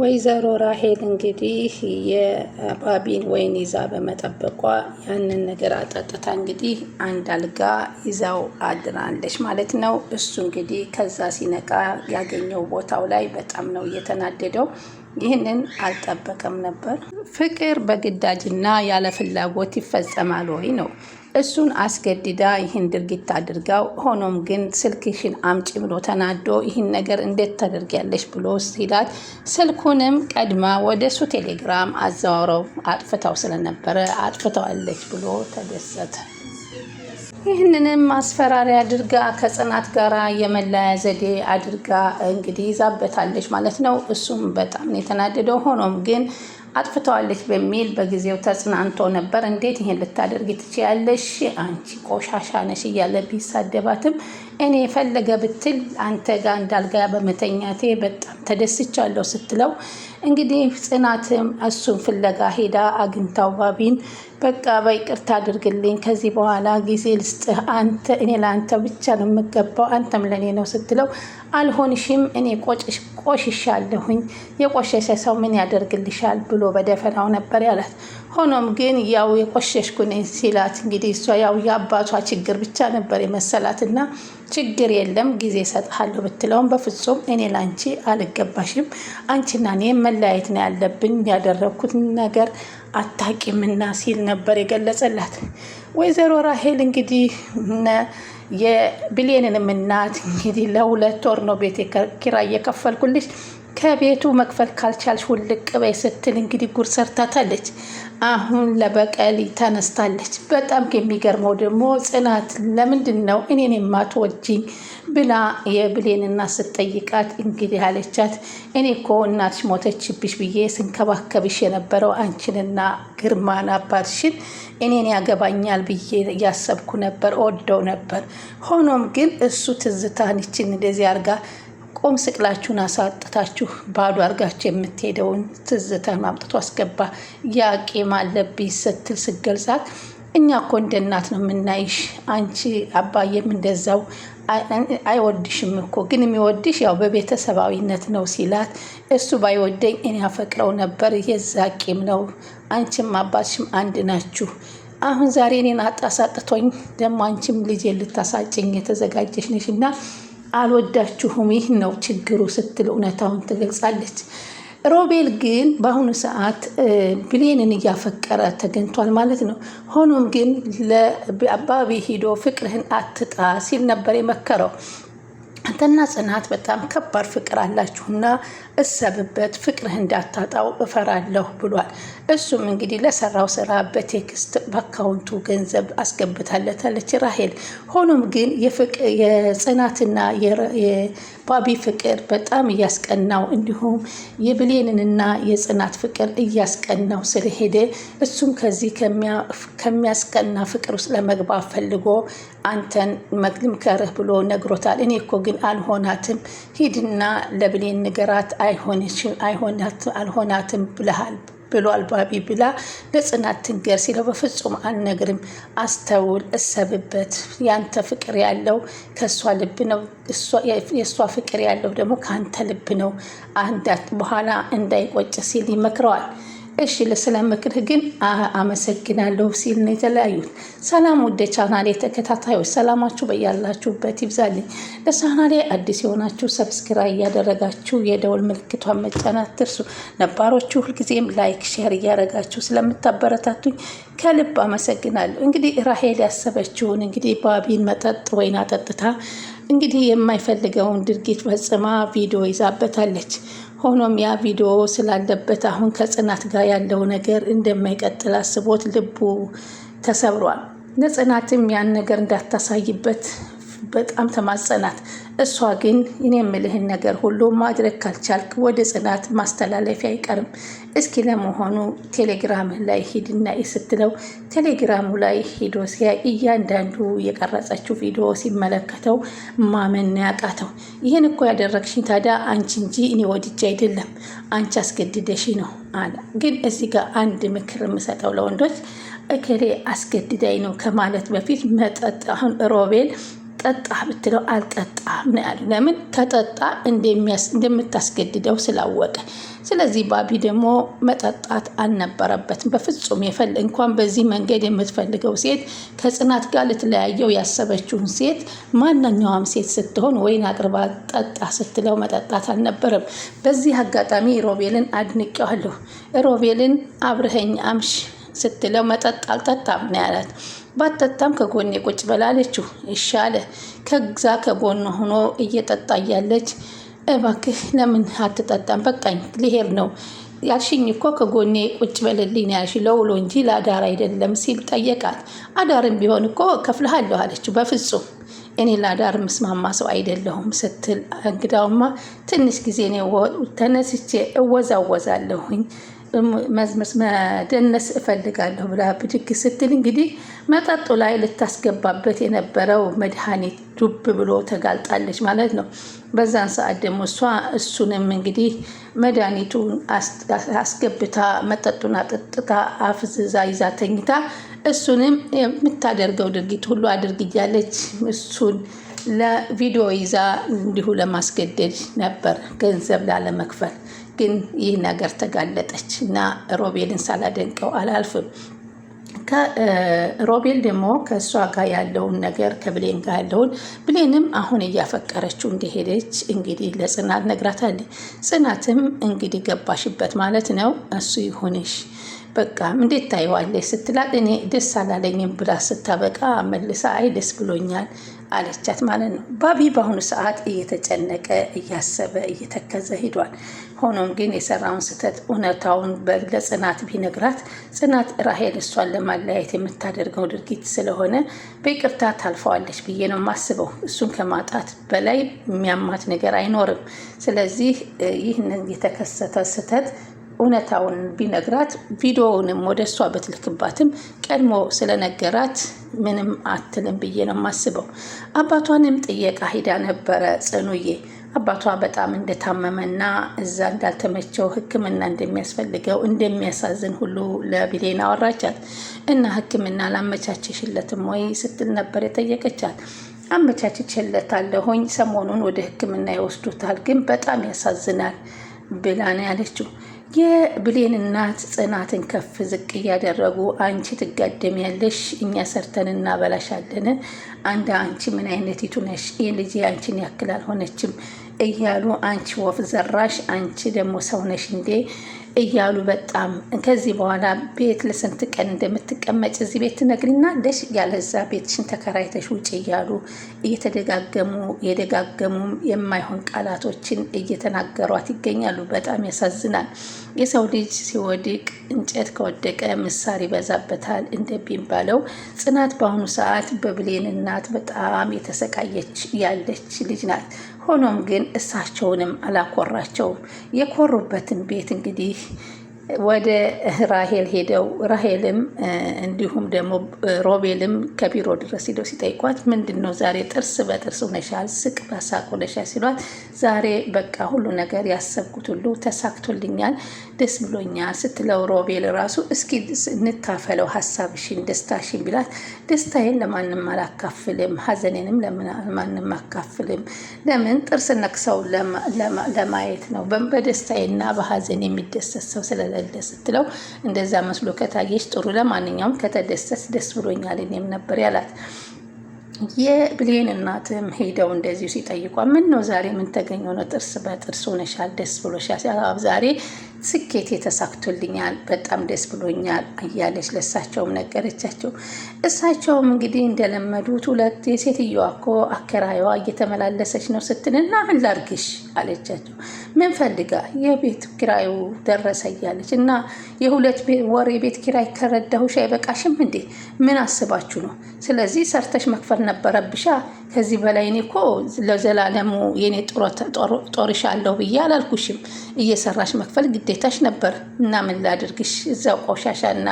ወይዘሮ ራሄል እንግዲህ የባቢን ወይን ይዛ በመጠበቋ ያንን ነገር አጠጥታ እንግዲህ አንድ አልጋ ይዛው አድራለች ማለት ነው። እሱ እንግዲህ ከዛ ሲነቃ ያገኘው ቦታው ላይ በጣም ነው እየተናደደው። ይህንን አልጠበቀም ነበር። ፍቅር በግዳጅና ያለ ፍላጎት ይፈጸማል ወይ ነው እሱን አስገድዳ ይህን ድርጊት አድርጋው፣ ሆኖም ግን ስልክሽን አምጪ ብሎ ተናዶ ይህን ነገር እንዴት ታደርጊያለሽ ብሎ ሲላት ስልኩንም ቀድማ ወደ እሱ ቴሌግራም አዘዋውረው አጥፍታው ስለነበረ አጥፍተዋለች ብሎ ተደሰተ። ይህንንም ማስፈራሪያ አድርጋ ከጽናት ጋር የመለያ ዘዴ አድርጋ እንግዲህ ይዛበታለች ማለት ነው። እሱም በጣም የተናደደው ሆኖም ግን አጥፍተዋለች በሚል በጊዜው ተጽናንቶ ነበር። እንዴት ይሄን ልታደርግ ትችያለሽ? አንቺ ቆሻሻ ነሽ እያለ ቢሳደባትም እኔ የፈለገ ብትል አንተ ጋር እንዳልጋ በመተኛቴ በጣም ተደስቻለሁ ስትለው እንግዲህ ጽናትም እሱን ፍለጋ ሄዳ አግኝታው ባቢን በቃ በይቅርታ አድርግልኝ፣ ከዚህ በኋላ ጊዜ ልስጥህ፣ አንተ እኔ ለአንተ ብቻ ነው የምገባው፣ አንተም ለእኔ ነው ስትለው አልሆንሽም፣ እኔ ቆሽሻለሁኝ፣ የቆሸሸ ሰው ምን ያደርግልሻል ብሎ በደፈናው ነበር ያላት። ሆኖም ግን ያው የቆሸሽኩ ነኝ ሲላት እንግዲህ እሷ ያው የአባቷ ችግር ብቻ ነበር የመሰላትና ችግር የለም ጊዜ እሰጥሃለሁ ብትለውም በፍጹም እኔ ላንቺ አልገባሽም፣ አንቺና እኔ መለያየት ነው ያለብን፣ ያደረግኩት ነገር አታቂምና ሲል ነበር የገለጸላት። ወይዘሮ ራሄል እንግዲህ የብሌንንም እናት እንግዲህ ለሁለት ወር ነው ቤት ኪራይ እየከፈልኩልሽ ከቤቱ መክፈል ካልቻልሽ ውልቅ በይ ስትል እንግዲህ ጉር ሰርታታለች። አሁን ለበቀል ተነስታለች። በጣም የሚገርመው ደግሞ ጽናት ለምንድን ነው እኔን የማትወጂኝ ብላ የብሌን እናት ስትጠይቃት እንግዲህ አለቻት እኔ እኮ እናትሽ ሞተችብሽ ብዬ ስንከባከብሽ የነበረው አንቺንና ግርማን አባትሽን እኔን ያገባኛል ብዬ እያሰብኩ ነበር፣ ወደው ነበር። ሆኖም ግን እሱ ትዝታንችን እንደዚህ አርጋ ቁም ስቅላችሁን አሳጥታችሁ ባዶ አድርጋችሁ የምትሄደውን ትዝተን ማምጥቶ አስገባ። ያቄም አለብኝ ስትል ስገልጻት እኛ እኮ እንደ እናት ነው የምናይሽ። አንቺ አባዬም እንደዛው አይወድሽም እኮ ግን የሚወድሽ ያው በቤተሰባዊነት ነው ሲላት፣ እሱ ባይወደኝ እኔ አፈቅረው ነበር። የዛ ቂም ነው። አንቺም አባትሽም አንድ ናችሁ። አሁን ዛሬ እኔን አጣሳጥቶኝ ደግሞ አንቺም ልጄ ልታሳጭኝ የተዘጋጀሽ ነሽ እና አልወዳችሁም፣ ይህ ነው ችግሩ ስትል እውነታውን ትገልጻለች። ሮቤል ግን በአሁኑ ሰዓት ብሌንን እያፈቀረ ተገኝቷል ማለት ነው። ሆኖም ግን ለአባቢ ሂዶ ፍቅርህን አትጣ ሲል ነበር የመከረው። አንተና ጽናት በጣም ከባድ ፍቅር አላችሁና እሰብበት፣ ፍቅርህ እንዳታጣው እፈራለሁ ብሏል። እሱም እንግዲህ ለሰራው ስራ በቴክስት በአካውንቱ ገንዘብ አስገብታለታለች ራሄል። ሆኖም ግን የጽናትና ባቢ ፍቅር በጣም እያስቀናው እንዲሁም የብሌንንና የጽናት ፍቅር እያስቀናው ስለሄደ እሱም ከዚህ ከሚያስቀና ፍቅር ውስጥ ለመግባት ፈልጎ አንተን መምከርህ ብሎ ነግሮታል። እኔ እኮ ግን አልሆናትም፣ ሂድና ለብሌን ንገራት፣ አልሆናትም ብለሃል ብሏል ባቢ ብላ ለጽናት ትንገር ሲለው በፍጹም አልነግርም፣ አስተውል፣ እሰብበት። ያንተ ፍቅር ያለው ከእሷ ልብ ነው፣ የእሷ ፍቅር ያለው ደግሞ ከአንተ ልብ ነው። አንዳት በኋላ እንዳይቆጭ ሲል ይመክረዋል። እሺ ስለ ግን አመሰግናለሁ ሲል ነው የተለያዩት። ሰላም ወደ ቻናሌ ተከታታዮች ሰላማችሁ በያላችሁበት ይብዛልኝ። ለቻናሌ አዲስ የሆናችሁ ሰብስክራይብ እያደረጋችሁ የደወል ምልክቷን መጫን አትርሱ። ነባሮቹ ሁልጊዜም ላይክ፣ ሼር እያደረጋችሁ ስለምታበረታቱኝ ከልብ አመሰግናለሁ። እንግዲህ ራሄል ያሰበችውን እንግዲህ ባቢን መጠጥ ወይን አጠጥታ እንግዲህ የማይፈልገውን ድርጊት ፈጽማ ቪዲዮ ይዛበታለች። ሆኖም ያ ቪዲዮ ስላለበት አሁን ከጽናት ጋር ያለው ነገር እንደማይቀጥል አስቦት ልቡ ተሰብሯል። ለጽናትም ያን ነገር እንዳታሳይበት በጣም ተማጸናት። እሷ ግን እኔ የምልህን ነገር ሁሉ ማድረግ ካልቻልክ ወደ ጽናት ማስተላለፊያ አይቀርም፣ እስኪ ለመሆኑ ቴሌግራም ላይ ሂድና ስትለው ቴሌግራሙ ላይ ሂዶ ሲያይ እያንዳንዱ የቀረጸችው ቪዲዮ ሲመለከተው ማመን ያቃተው። ይህን እኮ ያደረግሽኝ ታዲያ አንቺ እንጂ እኔ ወድጄ አይደለም፣ አንቺ አስገድደሽ ነው አለ። ግን እዚህ ጋር አንድ ምክር የምሰጠው ለወንዶች እከሌ አስገድዳኝ ነው ከማለት በፊት መጠጥ አሁን ሮቤል ጠጣ ብትለው አልጠጣም ነው ያሉ። ለምን ከጠጣ እንደምታስገድደው ስላወቀ። ስለዚህ ባቢ ደግሞ መጠጣት አልነበረበትም በፍጹም። የፈል እንኳን በዚህ መንገድ የምትፈልገው ሴት ከጽናት ጋር ልትለያየው ያሰበችውን ሴት ማንኛውም ሴት ስትሆን ወይን አቅርባ ጠጣ ስትለው መጠጣት አልነበረም። በዚህ አጋጣሚ ሮቤልን አድንቄዋለሁ። ሮቤልን አብረኸኝ አምሽ ስትለው መጠጥ አልጠጣም ነው ያላት። ባጠጣም ከጎኔ ቁጭ በላለችው ይሻለ ከዛ ከጎን ሆኖ እየጠጣ እያለች እባክህ ለምን አትጠጣም? በቃኝ ልሄድ ነው ያልሽኝ እኮ ከጎኔ ቁጭ በልልኝ ነው ያልሽ ለውሎ እንጂ ለአዳር አይደለም ሲል ጠየቃት። አዳርም ቢሆን እኮ ከፍልሃለሁ አለችው። በፍጹም እኔ ለአዳር ምስማማ ሰው አይደለሁም ስትል እንግዳውማ ትንሽ ጊዜ ነው ተነስቼ እወዛወዛለሁኝ መዝመስ መደነስ እፈልጋለሁ ብላ ብድግ ስትል እንግዲህ መጠጡ ላይ ልታስገባበት የነበረው መድኃኒት ዱብ ብሎ ተጋልጣለች ማለት ነው። በዛን ሰዓት ደግሞ እሷ እሱንም እንግዲህ መድኃኒቱን አስገብታ መጠጡን አጠጥታ አፍዝዛ ይዛ ተኝታ እሱንም የምታደርገው ድርጊት ሁሉ አድርግያለች። እሱን ለቪዲዮ ይዛ እንዲሁ ለማስገደድ ነበር ገንዘብ ላለመክፈል ግን ይህ ነገር ተጋለጠች እና ሮቤልን ሳላደንቀው አላልፍም። ከሮቤል ደግሞ ከእሷ ጋር ያለውን ነገር ከብሌን ጋር ያለውን ብሌንም አሁን እያፈቀረችው እንደሄደች እንግዲህ ለጽናት ነግራታለች። ጽናትም እንግዲህ ገባሽበት ማለት ነው እሱ ይሁንሽ በቃ እንዴት ታየዋለች ስትላት እኔ ደስ አላለኝም ብላ ስታበቃ መልሳ አይ ደስ ብሎኛል አለቻት ማለት ነው። ባቢ በአሁኑ ሰዓት እየተጨነቀ እያሰበ እየተከዘ ሂዷል። ሆኖም ግን የሰራውን ስህተት እውነታውን ለጽናት ቢነግራት ጽናት ራሄል እሷን ለማለያየት የምታደርገው ድርጊት ስለሆነ በይቅርታ ታልፈዋለች ብዬ ነው የማስበው። እሱን ከማጣት በላይ የሚያማት ነገር አይኖርም። ስለዚህ ይህን የተከሰተ ስህተት እውነታውን ቢነግራት ቪዲዮውንም ወደ እሷ በትልክባትም ቀድሞ ስለነገራት ምንም አትልም ብዬ ነው የማስበው። አባቷንም ጥየቃ ሂዳ ነበረ ጽኑዬ አባቷ በጣም እንደታመመና እዛ እንዳልተመቸው ሕክምና እንደሚያስፈልገው እንደሚያሳዝን ሁሉ ለብሌን አወራቻት እና ሕክምና ላመቻችሽለትም ወይ ስትል ነበር የጠየቀቻት። አመቻችቼለታለሁኝ፣ ሰሞኑን ወደ ሕክምና ይወስዱታል፣ ግን በጣም ያሳዝናል ብላ ነው ያለችው። የብሌን እናት ጽናትን ከፍ ዝቅ እያደረጉ አንቺ ትጋደሚያለሽ፣ እኛ ሰርተን እናበላሻለን፣ አንድ አንቺ ምን አይነቲቱ ነሽ? ይህ ልጅ አንቺን ያክል አልሆነችም እያሉ አንቺ ወፍ ዘራሽ፣ አንቺ ደግሞ ሰውነሽ እንዴ እያሉ በጣም ከዚህ በኋላ ቤት ለስንት ቀን እንደምትቀመጭ እዚህ ቤት ትነግሪና ደሽ ያለዛ ቤትሽን ተከራይተሽ ውጭ እያሉ እየተደጋገሙ የደጋገሙ የማይሆን ቃላቶችን እየተናገሯት ይገኛሉ። በጣም ያሳዝናል። የሰው ልጅ ሲወድቅ እንጨት ከወደቀ ምሳር ይበዛበታል እንደሚባለው ጽናት በአሁኑ ሰዓት በብሌን እናት በጣም የተሰቃየች ያለች ልጅ ናት። ሆኖም ግን እሳቸውንም አላኮራቸውም። የኮሩበትን ቤት እንግዲህ ወደ ራሄል ሄደው ራሄልም እንዲሁም ደግሞ ሮቤልም ከቢሮ ድረስ ሄደው ሲጠይቋት ምንድን ነው ዛሬ ጥርስ በጥርስ ሆነሻል፣ ስቅ በሳቅ ሆነሻል ሲሏት ዛሬ በቃ ሁሉ ነገር ያሰብኩት ሁሉ ተሳክቶልኛል፣ ደስ ብሎኛል ስትለው ሮቤል ራሱ እስኪ እንካፈለው ሀሳብሽን፣ ደስታሽን ቢላት ደስታዬን ለማንም አላካፍልም፣ ሀዘኔንም ለማንም አካፍልም። ለምን ጥርስ ነክሰው ለማየት ነው በደስታዬና በሀዘን የሚደሰት ሰው ስለለ አይደለ ስትለው እንደዛ መስሎ ከታየች ጥሩ። ለማንኛውም ከተደሰት ደስ ብሎኛል እኔም ነበር ያላት። የብሌን እናትም ሄደው እንደዚሁ ሲጠይቋ ምን ነው ዛሬ ምን ተገኘው ነው? ጥርስ በጥርስ ሆነሻል፣ ደስ ብሎሻል። ዛሬ ስኬት የተሳክቶልኛል፣ በጣም ደስ ብሎኛል እያለች ለእሳቸውም ነገረቻቸው። እሳቸውም እንግዲህ እንደለመዱት ሁለት የሴትዮዋ እኮ አከራዩዋ እየተመላለሰች ነው እና ምን ላርግሽ አለቻቸው። ምን ፈልጋ የቤት ኪራዩ ደረሰ እያለች እና የሁለት ወር የቤት ኪራይ ከረዳሁሽ አይበቃሽም እንዴ? ምን አስባችሁ ነው? ስለዚህ ሰርተሽ መክፈል ነበረብሻ። ከዚህ በላይ እኔ እኮ ለዘላለሙ የኔ ጦርሻ አለሁ ብዬ አላልኩሽም። እየሰራሽ መክፈል ግዴታሽ ነበር እና ምን ላድርግሽ፣ እዛው ቆሻሻና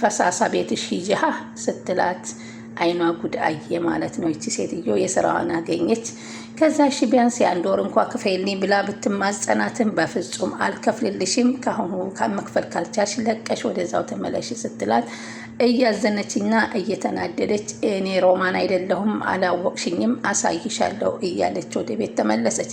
ፈሳሳ ቤትሽ ሂጂሃ ስትላት አይኗ ጉድ አየ ማለት ነው። ይቺ ሴትዮ የስራዋን አገኘች። ከዛ ሺ ቢያንስ የአንድ ወር እንኳ ክፈይልኝ ብላ ብትማጸናትን በፍጹም አልከፍልልሽም፣ ካሁኑ መክፈል ካልቻልሽ ለቀሽ ወደዛው ተመለሽ ስትላት እያዘነችና እየተናደደች እኔ ሮማን አይደለሁም አላወቅሽኝም፣ አሳይሻለሁ እያለች ወደ ቤት ተመለሰች።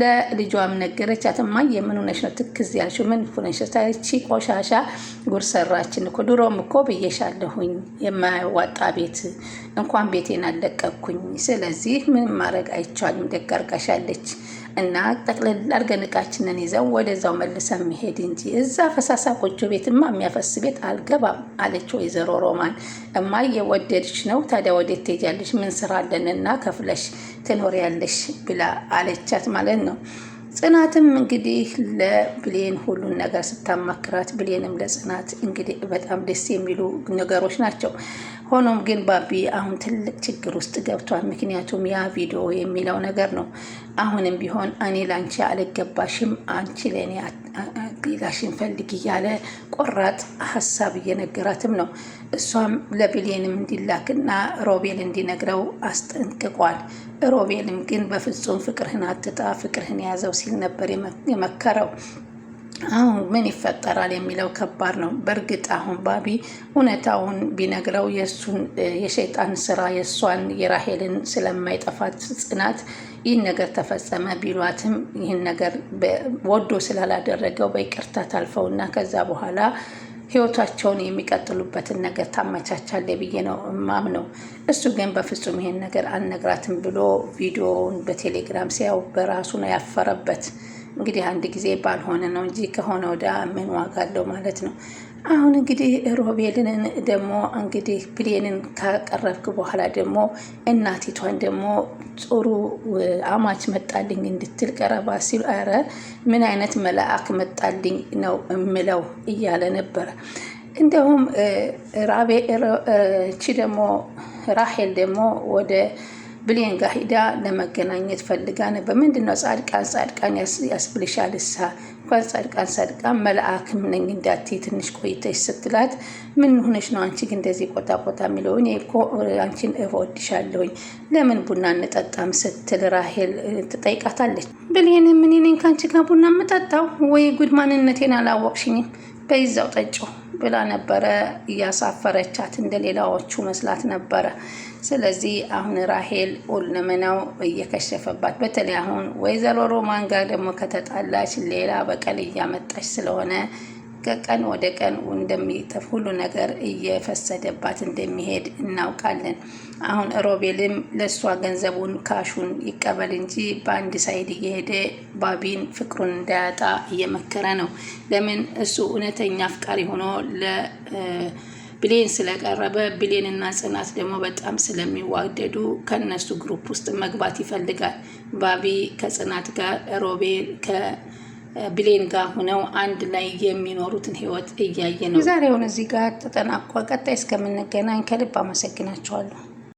ለልጇም ነገረች። አትማኝ የምን ሆነሽ ነው ትክዝ ያልሽው? ምን ሆነሽ ታቺ ቆሻሻ ጉር ሰራችን እኮ ድሮም እኮ ብዬሻለሁኝ የማያዋጣ ቤት እንኳን ቤቴን አለቀኩኝ። ስለዚህ ምን ማድረግ አይቻ ብላችኋል እንደጋርጋሻለች እና ጠቅለል አድርገን እቃችንን ይዘን ወደዛው መልሰን መሄድ እንጂ እዛ ፈሳሳ ጎጆ ቤትማ የሚያፈስ ቤት አልገባም አለች ወይዘሮ ሮማን። እማ የወደድች ነው ታዲያ ወዴት ትሄጃለሽ? ምን ስራ አለንና ከፍለሽ ትኖሪያለሽ ብላ አለቻት ማለት ነው። ጽናትም እንግዲህ ለብሌን ሁሉን ነገር ስታማክራት ብሌንም ለጽናት እንግዲህ በጣም ደስ የሚሉ ነገሮች ናቸው። ሆኖም ግን ባቢ አሁን ትልቅ ችግር ውስጥ ገብቷል። ምክንያቱም ያ ቪዲዮ የሚለው ነገር ነው። አሁንም ቢሆን እኔ ላንቺ አልገባሽም፣ አንቺ ለእኔ ሌላሽን ፈልግ እያለ ቆራጥ ሀሳብ እየነገራትም ነው። እሷም ለብሌንም እንዲላክና ሮቤል እንዲነግረው አስጠንቅቋል። ሮቤልም ግን በፍጹም ፍቅርህን አትጣ፣ ፍቅርህን የያዘው ሲል ነበር የመከረው። አሁን ምን ይፈጠራል የሚለው ከባድ ነው። በእርግጥ አሁን ባቢ እውነታውን ቢነግረው የእሱን የሸይጣን ስራ የእሷን የራሄልን ስለማይጠፋት ጽናት ይህን ነገር ተፈጸመ ቢሏትም ይህን ነገር ወዶ ስላላደረገው በይቅርታ እና ከዛ በኋላ ህይወታቸውን የሚቀጥሉበትን ነገር ታመቻቻለ ብዬ ነው እማም ነው። እሱ ግን በፍጹም ይሄን ነገር አልነግራትም ብሎ ቪዲዮውን በቴሌግራም ሲያው በራሱ ነው ያፈረበት። እንግዲህ አንድ ጊዜ ባልሆነ ነው እንጂ ከሆነ ወደ ምን ዋጋ አለው ማለት ነው። አሁን እንግዲህ ሮቤልን ደግሞ እንግዲህ ብሌንን ካቀረብክ በኋላ ደግሞ እናቲቷን ደግሞ ጥሩ አማች መጣልኝ እንድትል ቀረባ ሲሉ አረ ምን አይነት መልአክ መጣልኝ ነው እምለው እያለ ነበረ። እንደውም ራቤ እቺ ደግሞ ራሄል ደግሞ ወደ ብሌን ጋር ሂዳ ለመገናኘት ፈልጋ ነበር። ምንድን ነው ጻድቃን ጻድቃን ያስብልሻል እሳ እንኳን ጻድቃን ጻድቃን መልአክም ነኝ እንዳትዪ ትንሽ ቆይተሽ ስትላት፣ ምን ሆነሽ ነው አንቺ ግን እንደዚህ ቆጣ ቆጣ የሚለው እኔ እኮ አንቺን እወድሻለሁኝ ለምን ቡና እንጠጣም ስትል ራሄል ትጠይቃታለች። ብሌን ምን እኔ ከአንቺ ጋር ቡና የምጠጣው ወይ ጉድ ማንነቴን አላወቅሽኝም፣ በይዛው ጠጪው ብላ ነበረ እያሳፈረቻት እንደ ሌላዎቹ መስላት ነበረ። ስለዚህ አሁን ራሄል ሁለመናው እየከሸፈባት፣ በተለይ አሁን ወይዘሮ ሮማን ጋር ደግሞ ከተጣላች ሌላ በቀል እያመጣች ስለሆነ ከቀን ወደ ቀን እንደሚጠፍ ሁሉ ነገር እየፈሰደባት እንደሚሄድ እናውቃለን። አሁን ሮቤልም ለእሷ ገንዘቡን ካሹን ይቀበል እንጂ በአንድ ሳይድ እየሄደ ባቢን ፍቅሩን እንዳያጣ እየመከረ ነው። ለምን እሱ እውነተኛ አፍቃሪ ሆኖ ብሌን ስለቀረበ ብሌን እና ጽናት ደግሞ በጣም ስለሚዋደዱ ከነሱ ግሩፕ ውስጥ መግባት ይፈልጋል። ባቢ ከጽናት ጋር ሮቤል ብሌን ጋር ሆነው አንድ ላይ የሚኖሩትን ህይወት እያየ ነው። የዛሬውን እዚህ ጋር ተጠናቋ። ቀጣይ እስከምንገናኝ ከልብ አመሰግናቸዋለሁ።